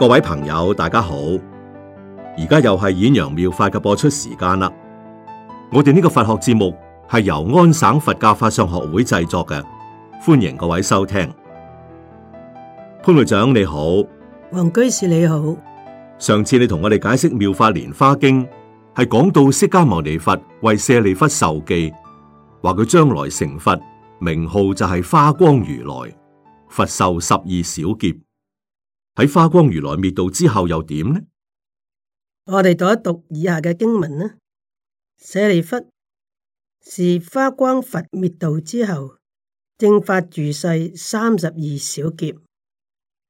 各位朋友，大家好！而家又係演揚妙法嘅播出時間啦。我哋呢個佛學節目係由安省佛教法相學會製作嘅，歡迎各位收聽。潘會長你好，黃居士你好。上次你同我哋解釋妙法蓮華經，係講到釋迦牟尼佛為舍利弗授記，話佢將來成佛，名號就係花光如來，佛壽十二小劫。喺花光如來滅度之後又點呢？我哋讀一讀以下嘅經文啦。舍利弗是，花光佛滅度之後，正法住世三十二小劫，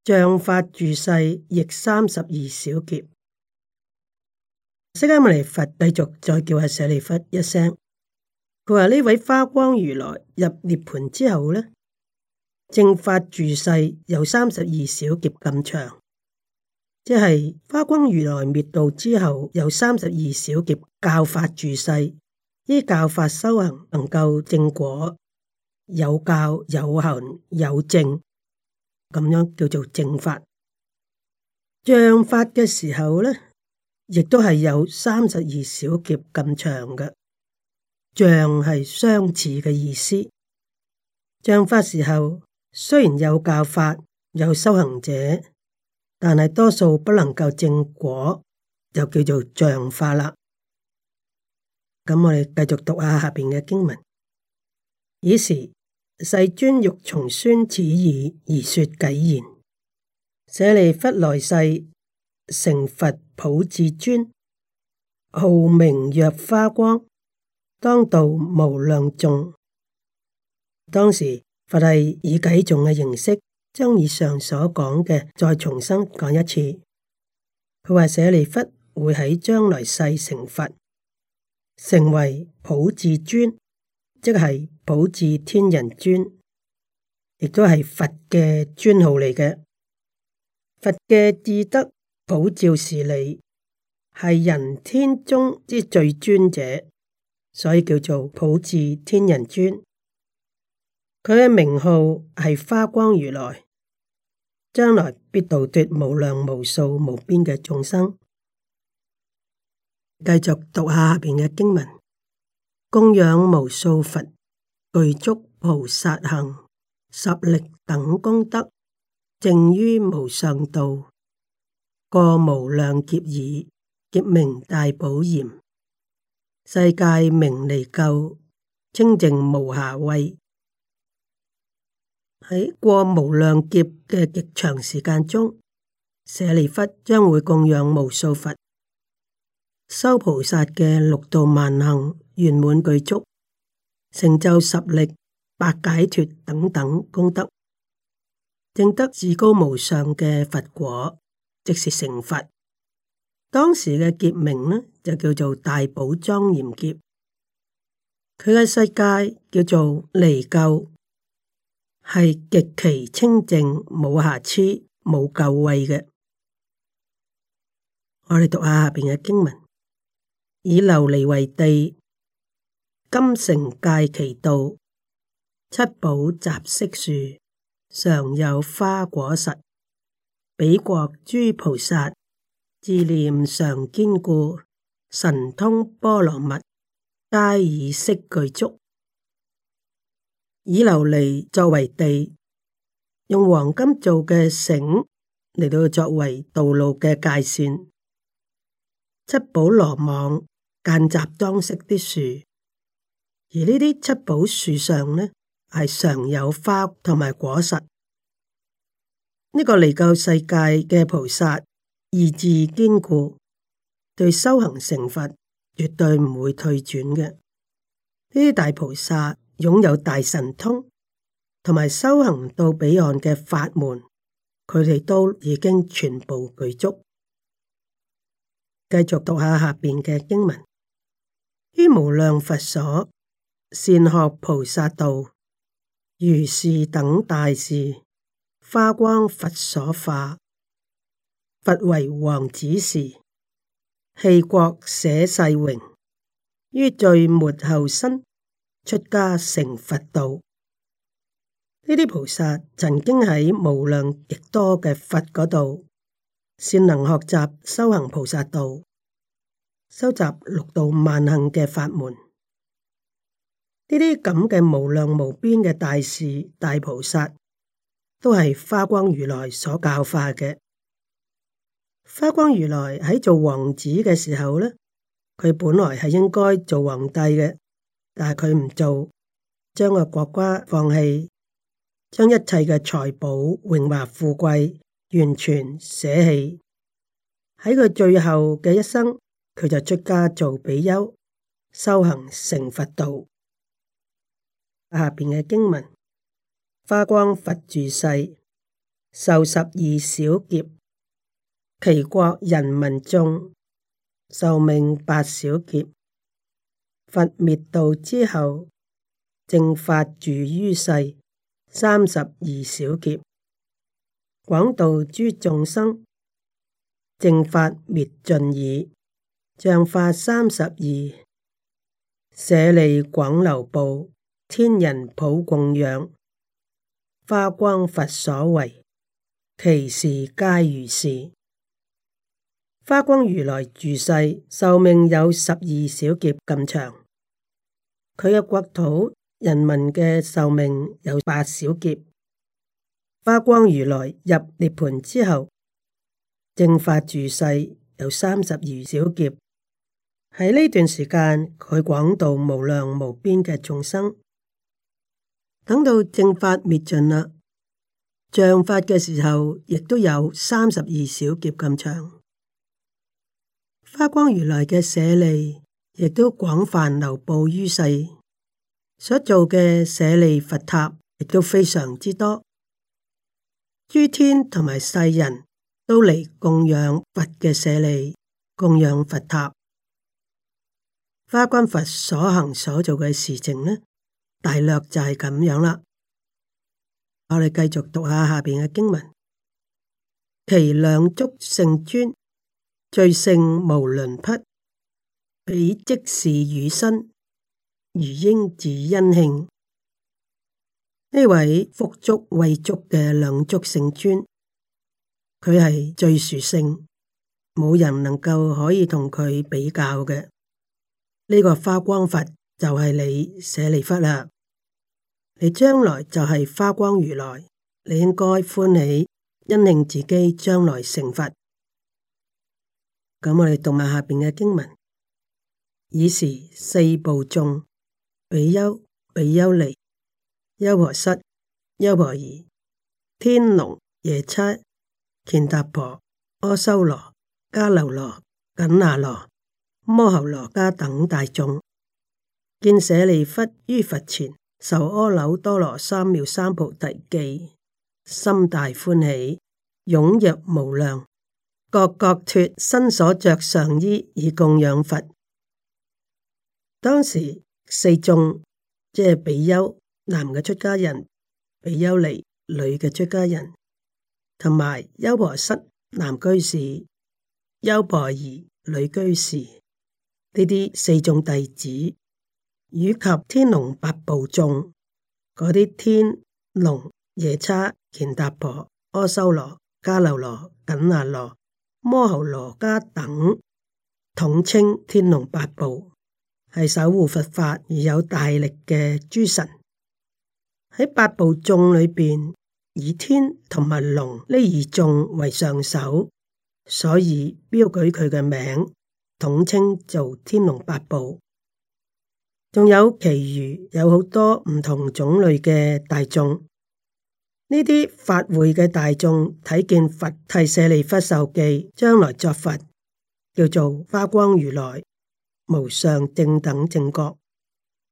像法住世亦三十二小劫。釋迦牟尼佛繼續再叫下舍利弗一聲，佢話呢位花光如來入涅盤之後呢？正法住世有三十二小劫咁長，即係花光如來滅度之後，有三十二小劫教法住世，依教法修行能夠正果，有教有行有正，咁樣叫做正法。像法嘅時候呢，亦都係有三十二小劫咁長嘅，像係相似嘅意思，像法時候。雖然有教法有修行者，但係多數不能夠正果，就叫做像法啦。咁我哋繼續讀下下邊嘅經文。以時世尊欲從宣此義而說偈言：舍利弗來世成佛普智尊，號名曰花光，當道無量眾，當時。佛係以偈頌嘅形式，將以上所講嘅再重新講一次。佢話舍利弗會喺將來世成佛，成為普智尊，即係普智天人尊，亦都係佛嘅尊號嚟嘅。佛嘅至德普照事理，係人天中之最尊者，所以叫做普智天人尊。佢嘅名號係花光如來，將來必度脱無量無數無邊嘅眾生。繼續讀下下邊嘅經文：供養無數佛，具足菩薩行，十力等功德，證於無上道，過無量劫已，劫名大寶嚴，世界名離垢，清淨無瑕穢。喺過無量劫嘅極長時間中，舍利弗將會供養無數佛，修菩薩嘅六度萬行，圓滿具足，成就十力、八解脫等等功德，證得至高無上嘅佛果，即是成佛。當時嘅劫名呢，就叫做大寶莊嚴劫，佢嘅世界叫做離垢。係極其清淨，冇瑕疵，冇垢穢嘅。我哋讀下下邊嘅經文：以琉璃為地，金繩界其道，七寶雜色樹，常有花果實，彼國諸菩薩，志念常堅固，神通波羅蜜，皆已悉具足。以琉璃作為地，用黃金做嘅繩嚟到作為道路嘅界線，七寶羅網間雜裝飾啲樹，而呢啲七寶樹上呢係常有花同埋果實。呢、呢個離垢世界嘅菩薩意志堅固，對修行成佛絕對唔會退轉嘅。呢啲大菩薩。擁有大神通，同埋修行到彼岸嘅法門，佢哋都已經全部具足。繼續讀下下邊嘅經文：於無量佛所善學菩薩道，如是等大事，花光佛所化。佛為王子時，棄國捨世榮，於最末後身，出家成佛道，呢啲菩薩曾經喺無量極多嘅佛嗰度，善能學習修行菩薩道，收集六度萬行嘅法門。呢啲咁嘅無量無邊嘅大士、大菩薩，都係花光如來所教化嘅。花光如來喺做王子嘅時候呢，佢本來係應該做皇帝嘅。但係佢唔做，將個國家放棄，將一切嘅財寶榮華富貴完全捨棄。喺佢最後嘅一生，佢就出家做比丘，修行成佛道。下邊嘅經文：花光佛住世，壽十二小劫；其國人民眾，壽命八小劫。佛滅度之後，正法住於世三十二小劫，廣度諸眾生，正法滅盡已。像法三十二，舍利廣流布，天人普供養，華光佛所為，其事皆如是。華光如來住世壽命有十二小劫咁長。佢嘅國土、人民嘅壽命有八小劫，花光如來入涅盤之後，正法住世有三十二小劫。喺呢段時間，佢廣度無量無邊嘅眾生。等到正法滅盡啦，像法嘅時候，亦都有三十二小劫咁長。花光如來嘅舍利，亦都廣泛流布於世，所做嘅舍利佛塔亦都非常之多。諸天同埋世人都嚟供養佛嘅舍利，供養佛塔。華光佛所行所做嘅事情呢，大略就係咁樣啦。我哋繼續讀下下邊嘅經文：其兩足聖尊，最勝無倫匹。彼即是汝身，汝應自欣慶。呢位福足慧足嘅兩足聖尊，佢係最殊勝，冇人能夠可以同佢比較嘅。呢、這個花光佛就係你舍利弗啦，你將來就係花光如來，你應該歡喜欣慶自己將來成佛。咁我哋讀埋下邊嘅經文。爾時四部眾比丘、比丘尼、優婆塞、優婆夷、天龍夜叉、乾達婆、阿修羅、迦樓羅、緊那羅、摩睺羅伽等大眾，見舍利弗於佛前受阿耨多羅三藐三菩提記，心大歡喜，踊躍無量，各各脱身所着上衣以供養佛。當時四眾，即係比丘男嘅出家人，比丘尼女嘅出家人，同埋優婆塞、男居士、優婆夷女居士呢啲四眾弟子，以及天龍八部眾，嗰啲天龍夜叉、乾達婆、阿修羅、迦樓羅、緊那羅、摩睺羅伽等，統稱天龍八部。係守護佛法而有大力嘅諸神，喺八部眾裏邊，以天同埋龍呢二眾為上首，所以標舉佢嘅名，統稱做天龍八部。仲有其餘有好多唔同種類嘅大眾，呢啲法會嘅大眾睇見佛替舍利弗受記，將來作佛，叫做花光如來。無上正等正覺，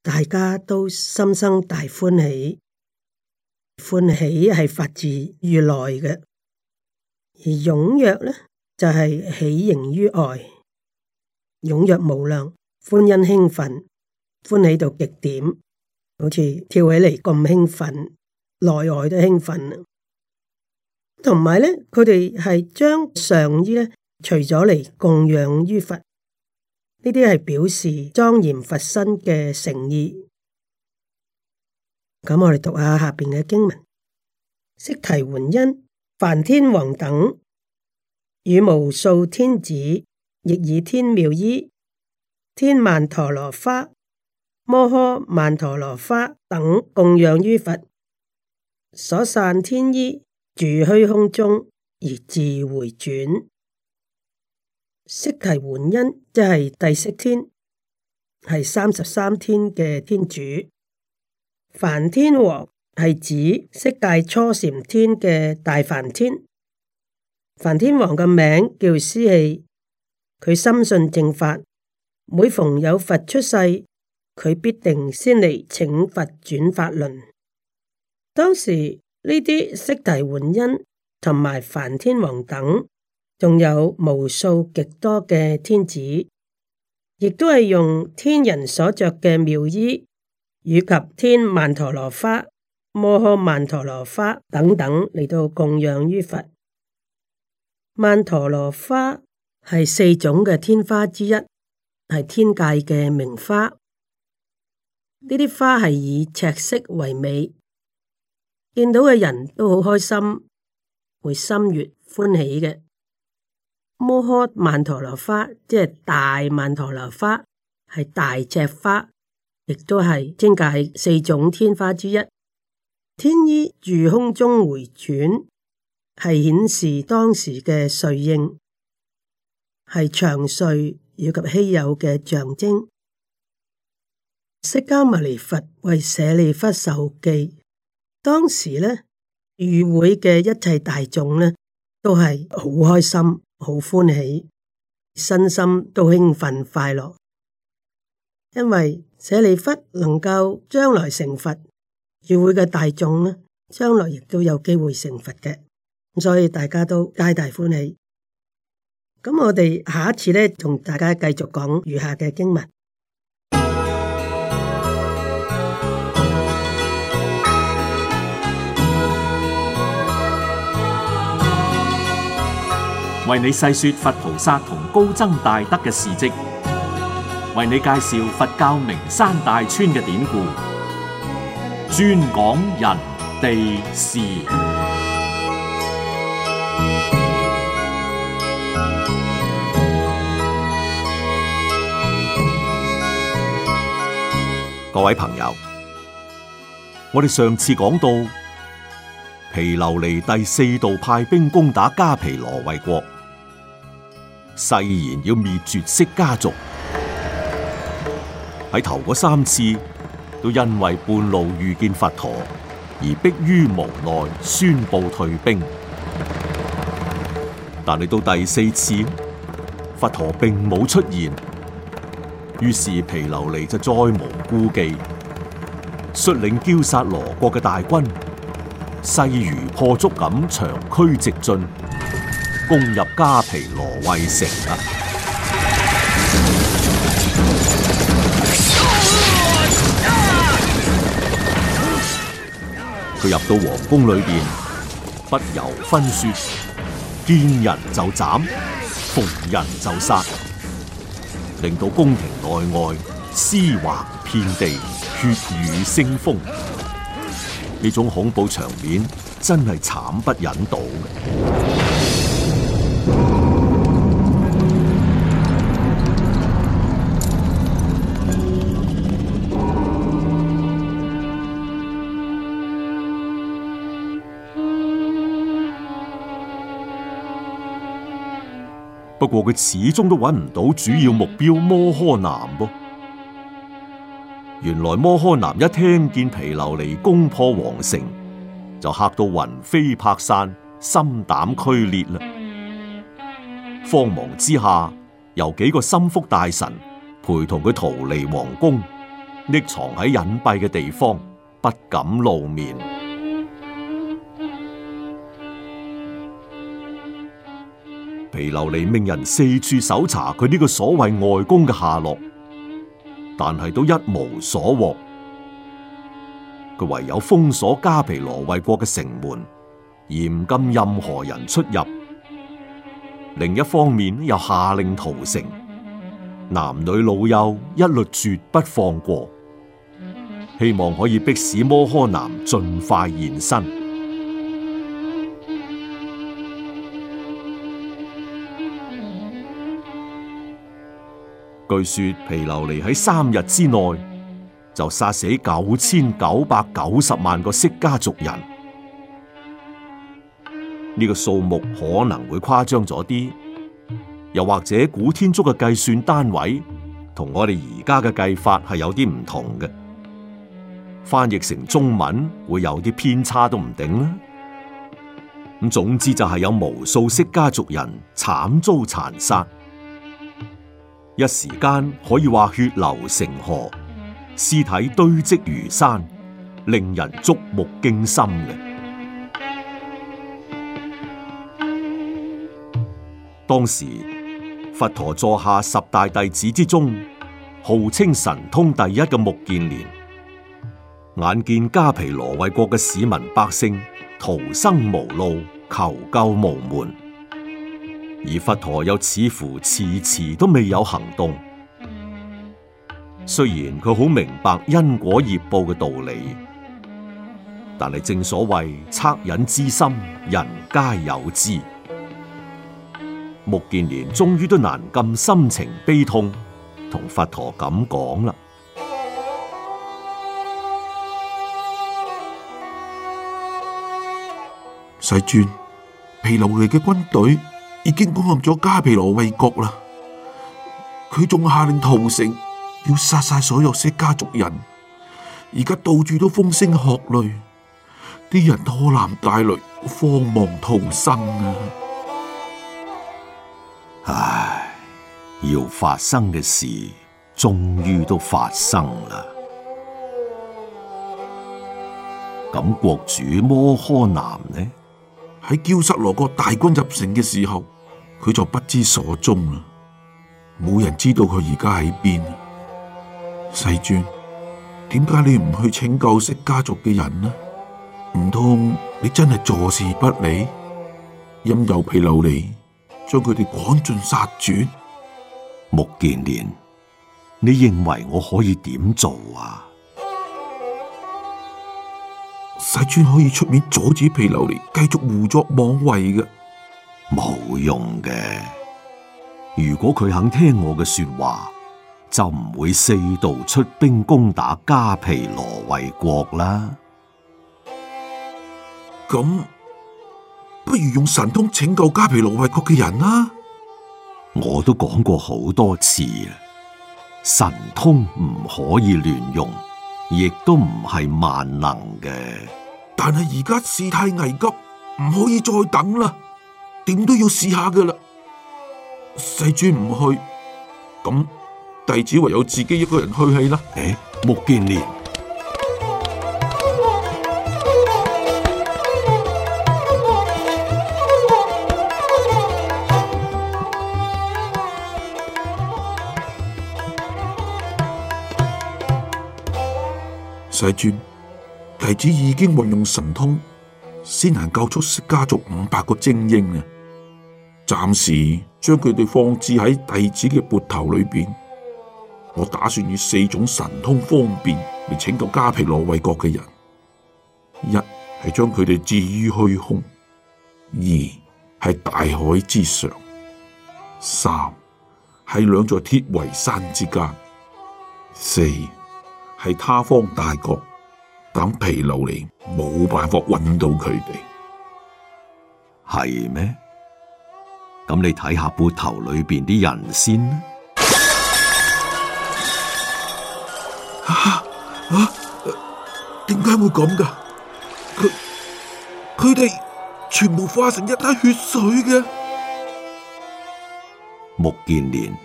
大家都心生大歡喜，歡喜係發自於內嘅，而踊躍呢，就係、是、喜形於外，踊躍無量，歡欣興奮，歡喜到極點，好似跳起嚟咁興奮，內外都興奮。同埋呢，佢哋係將上衣呢，除咗嚟供養於佛。呢啲係表示莊嚴佛身嘅誠意。咁我哋讀下下邊嘅經文：釋提桓因、梵天王等與無數天子，亦以天妙衣、天曼陀羅花、摩訶曼陀羅花等供養於佛，所散天衣住虛空中而自回轉。釋提桓因即係帝釋天，係三十三天嘅天主。梵天王係指色界初禪天嘅大梵天。梵天王嘅名叫思氣，佢深信正法，每逢有佛出世，佢必定先嚟請佛轉法輪。當時呢啲釋提桓因同埋梵天王等。仲有無數極多嘅天子，亦都係用天人所着嘅妙衣，以及天曼陀羅花、摩訶曼陀羅花等等嚟到供養於佛。曼陀羅花係四種嘅天花之一，係天界嘅名花。呢啲花係以赤色為美，見到嘅人都好開心，會心悅歡喜嘅。摩訶曼陀羅花，即係大曼陀羅花，係大赤花，亦都係真界四種天花之一。天衣住空中回轉，係顯示當時嘅瑞應，係長瑞以及稀有嘅象徵。釋迦牟尼佛為舍利弗授記，當時呢，與會嘅一切大眾呢，都係好開心。好歡喜，身心都興奮快樂，因為舍利弗能夠將來成佛，與會嘅大眾咧，將來亦都有機會成佛嘅，所以大家都皆大歡喜。咁我哋下一次咧，同大家繼續講餘下嘅經文。為你細說佛菩薩同高僧大德嘅事跡，為你介紹佛教名山大川嘅典故，專講人地事。各位朋友，我哋上次講到毗琉璃第四度派兵攻打迦毗羅衛國。誓言要滅絕釋家族，喺頭嗰三次都因為半路遇見佛陀而迫於無奈宣布退兵，但係到第四次，佛陀並冇出現，於是毗琉璃就再無顧忌，率領憍薩羅國嘅大軍，勢如破竹咁長驅直進。攻入迦毗羅衛城啦！佢入到皇宮裏邊，不由分說，見人就斬，逢人就殺，令到宮廷內外屍橫遍地，血雨腥風。呢種恐怖場面真係慘不忍睹。不過佢始終都揾唔到主要目標摩訶男噃，原來摩訶男一聽見毗琉璃攻破皇城，就嚇到魂飛魄散、心膽俱裂啦。慌忙之下，由幾個心腹大臣陪同佢逃離皇宮，匿藏喺隱蔽嘅地方，不敢露面。毗琉璃命人四處搜查佢呢個所謂外公嘅下落，但係都一無所獲。佢唯有封鎖迦毗羅衛國嘅城門，嚴禁任何人出入。另一方面，又下令屠城，男女老幼一律絕不放過，希望可以迫使摩訶男盡快現身。據說毗琉璃喺三日之內就殺死九千九百九十萬個釋迦族人，呢、這個數目可能會誇張咗啲，又或者古天竺嘅計算單位同我哋而家嘅計法係有啲唔同嘅，翻譯成中文會有啲偏差都唔定啦。咁總之就係有無數釋迦族人慘遭殘殺。一時間可以話血流成河，屍體堆積如山，令人觸目驚心嘅。當時，佛陀座下十大弟子之中，號稱神通第一嘅目犍連，眼見迦毗羅衛國嘅市民百姓逃生無路，求救無門。而佛陀又似乎遲遲都未有行動，雖然佢好明白因果業報嘅道理，但係正所謂惻隱之心，人皆有之。目犍連終於都難禁心情悲痛，同佛陀咁講啦：世尊，毗琉璃嘅軍隊。已經攻陷咗迦毗羅衛國啦！佢仲下令屠城，要殺晒所有釋迦族人。而家到處都風聲鶴唳，啲人拖男帶女，慌忙逃生啊！唉，要發生嘅事終於都發生啦！咁國主摩訶男呢？喺憍薩羅國大軍入城嘅時候。佢就不知所蹤啦，冇人知道佢而家喺邊。世尊，點解你唔去拯救釋迦族嘅人呢？唔通你真係坐視不理，任由毗琉璃將佢哋趕盡殺絕？目犍連，你認為我可以點做啊？世尊可以出面阻止毗琉璃繼續胡作妄為嘅。冇用嘅。如果佢肯聽我嘅說話，就唔會四度出兵攻打迦毗羅衛國啦。咁不如用神通拯救迦毗羅衛國嘅人啦。我都講過好多次，神通唔可以亂用，亦都唔係萬能嘅。但係而家事態危急，唔可以再等啦。點都要試下噶啦，世尊唔去，咁弟子唯有自己一個人去氣啦。誒，目犍連，世尊，弟子已經運用神通，先能救出釋迦族五百個精英啊！暫時將佢哋放置喺弟子嘅鉢頭裏面，我打算以四種神通方便嚟拯救迦毗羅衛國嘅人，一係將佢哋置於虛空，二係大海之上，三係兩座鐵圍山之間，四係他方大國，等毗琉璃冇辦法揾到佢哋，係咩？咁你睇下杯頭裡面啲人先，啊啊！點解會咁噶？佢，佢哋全部化成一灘血水嘅。目犍連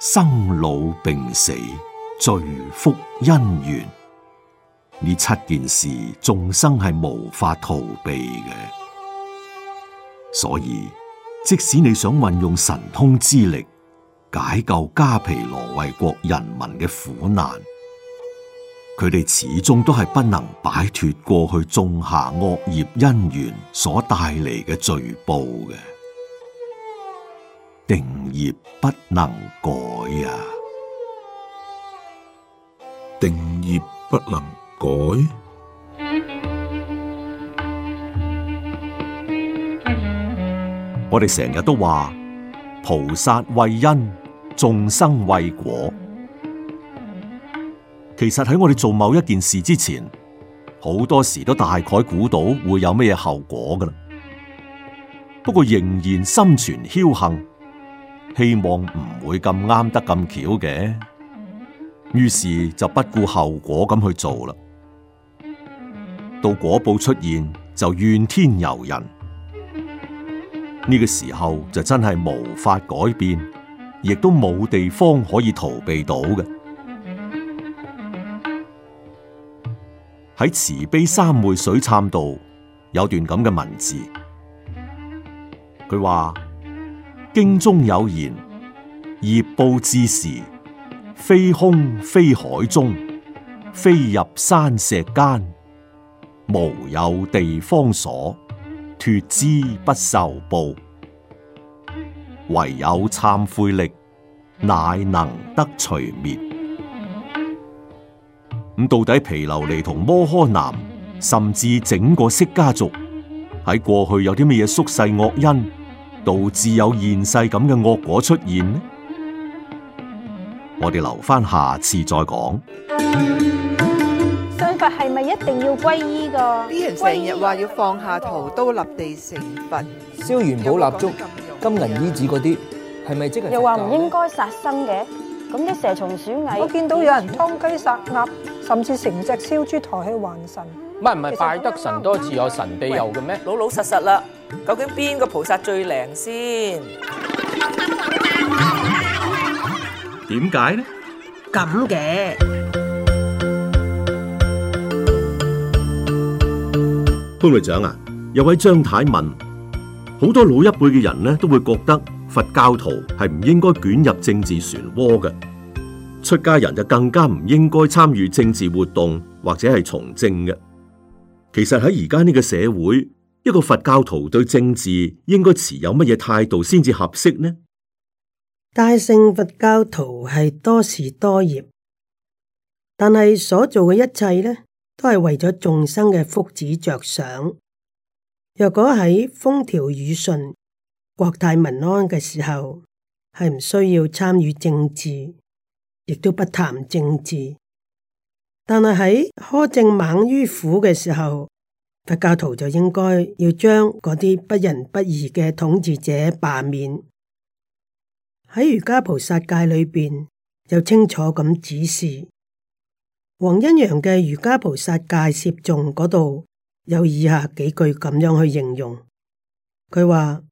生老病死，罪福恩怨呢七件事，眾生係無法逃避嘅，所以。即使你想運用神通之力解救迦毗羅衛國人民嘅苦難，佢哋始終都係不能擺脫過去種下惡業因緣所帶嚟嘅罪報嘅，定業不能改啊！定業不能改。我哋成日都話菩薩為因，眾生為果。其實喺我哋做某一件事之前，好多時都大概估到會有咩後果㗎啦。不過仍然心存僥倖，希望唔會咁啱得咁巧嘅，於是就不顧後果咁去做啦。到果報出現就怨天尤人。呢個時候就真係無法改變，亦都冇地方可以逃避到嘅。喺慈悲三昧水懺度有段咁嘅文字，佢話經中有言：業報之時，非空非海中，非入山石間，無有地方所。脫之不受報，唯有懺悔力，乃能得除滅。咁到底毗琉璃同摩訶男，甚至整個釋家族喺過去有啲乜嘢宿世惡因，導致有現世咁嘅惡果出現呢？我哋留翻下，下次再講。係咪一定要皈依噶？啲人成日話要放下屠刀立地成佛，燒元寶蠟燭、金銀衣紙嗰啲，係咪即係？又話唔應該殺生嘅，咁啲蛇蟲鼠蟻，我見到有人劏雞殺鴨，甚至成隻燒豬抬去還神。唔係唔係，拜得神多自有神庇佑嘅咩？老老實實啦，究竟邊個菩薩最靈先？點解呢？咁嘅。潘隊長啊，有位張太問，好多老一輩嘅人呢，都會覺得佛教徒係唔應該捲入政治漩渦嘅，出家人就更加唔應該參與政治活動或者係從政嘅。其實喺而家呢個社會，一個佛教徒對政治應該持有乜嘢態度先至合適呢？大聖佛教徒係多事多業，但係所做嘅一切呢。都係為咗眾生嘅福祉着想。若果喺風調雨順、國泰民安嘅時候，係唔需要參與政治，亦都不談政治。但係喺苛政猛於虎嘅時候，佛教徒就應該要將嗰啲不仁不義嘅統治者罷免。喺瑜伽菩薩戒裏邊，有清楚咁指示。黃恩揚嘅《瑜伽菩薩戒攝眾》嗰度有以下幾句咁樣去形容，佢話：，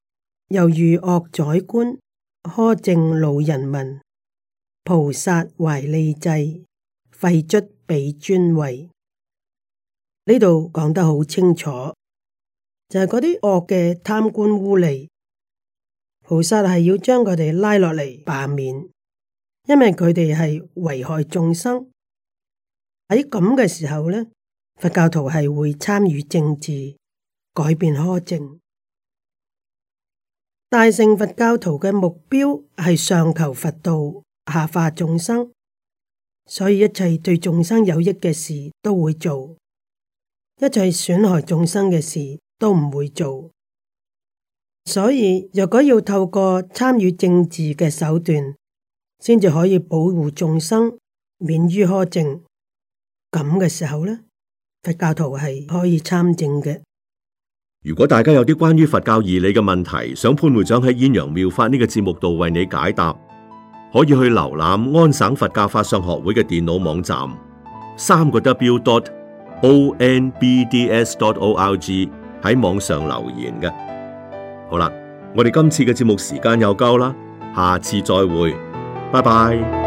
由遇惡宰官苛政，老人民菩薩懷利濟，廢黜被尊位。呢度講得好清楚，就係嗰啲惡嘅貪官污吏，菩薩係要將佢哋拉落嚟罷免，因為佢哋係危害眾生。喺咁嘅時候呢，佛教徒係會參與政治，改變苛政。大乘佛教徒嘅目標係上求佛道，下化眾生，所以一切對眾生有益嘅事都會做，一切損害眾生嘅事都唔會做。所以若果要透過參與政治嘅手段，先至可以保護眾生免於苛政，咁嘅時候咧，佛教徒係可以參政嘅。如果大家有啲關於佛教義理嘅問題，想潘會長喺《演揚妙法》呢、這個節目度為你解答，可以去瀏覽安省佛教法相學會嘅電腦網站，三個 w dot o n b d s dot o r g 喺網上留言嘅。好啦，我哋今次嘅節目時間又夠啦，下次再會，拜拜。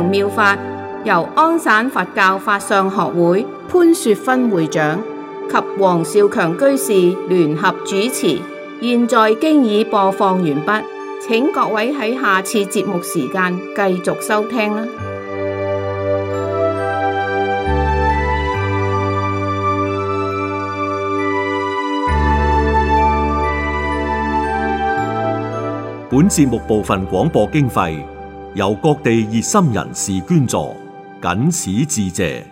妙法由安省佛教法相學會潘雪芬會長及黃少強居士聯合主持，現在經已播放完畢，請各位喺下次節目時間繼續收聽啦。本節目部分廣播經費由各地熱心人士捐助，謹此致謝。